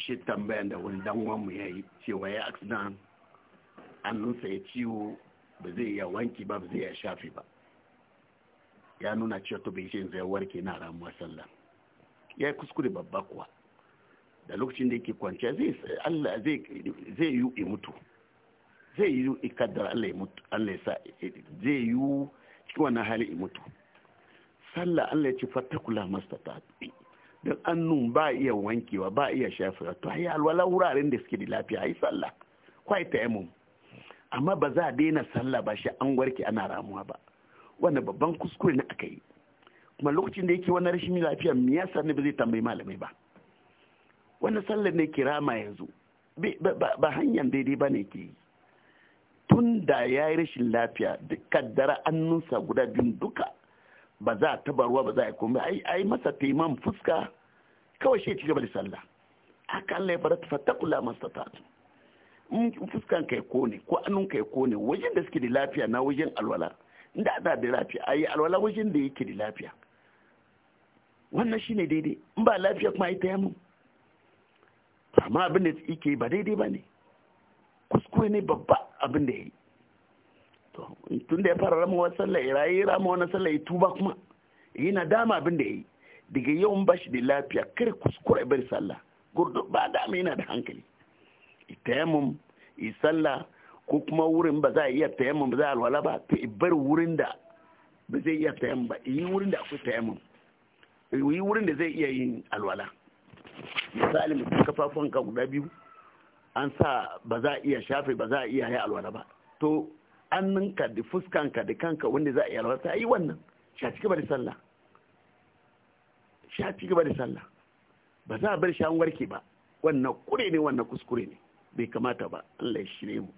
shi tambayan da wani danwanmu ya yi cewa ya aksidan annunsa ya ciwo ba zai iya wanki ba ba zai iya shafi ba ya nuna cewa to bai shi zai warke na ramuwar sallah ya yi kuskure babba kuwa da lokacin da yake kwanci zai Allah zai zai yi mutu zai yi ikadar Allah ya mutu Allah ya sa zai yi cikin wannan hali i mutu sallah Allah ya ce fatakula ta. don annun ba iya wankewa ba iya shafiwa to ai alwala wuraren da suke da lafiya ai sallah kwai tayammum amma ba za a daina sallah ba shi an warke ana ramuwa ba wanda babban kuskure ne aka yi kuma lokacin da yake wannan rashin lafiya me yasa ne ba zai tambayi malamai ba Wani sallar ne kirama yanzu ba hanyar daidai ba ne ke yi tun da ya yi rashin lafiya kaddara annunsa guda biyun duka ba za a taba ruwa ba za a komai ai ai masa taiman fuska kawai shi ci gaba da sallah haka Allah ya barata fatakula mastatatu in fuskan kai kone ko annun kai kone wajen da suke da lafiya na wajen alwala inda ana da lafiya ayi alwala wajen da yake da lafiya wannan shine daidai in ba lafiya kuma ai yamu amma abin da yake ba daidai ba ne kuskure ne babba abin da yake to tun da ya fara rama wani sallah ya rayu rama wani sallah ya tuba kuma yi na dama abin da ya yi daga ba shi da lafiya kar kuskure bari sallah gurdu ba dama yana da hankali tayammum yi sallah ko kuma wurin ba za a iya tayammum ba za a alwala ba to bar wurin da ba zai iya tayammum ba yi wurin da akwai tayammum yi wurin da zai iya yin alwala misali mutum kafafun ka guda biyu an sa ba za a iya shafe ba za a iya yi alwala ba to annanka da fuskanka da kanka wanda za a yarwar ta yi wannan sha ci gaba da sallah sha ci gaba da sallah ba za a bar shan warke ba wannan kure ne wannan kuskure ne bai kamata ba Allah ya shirye mu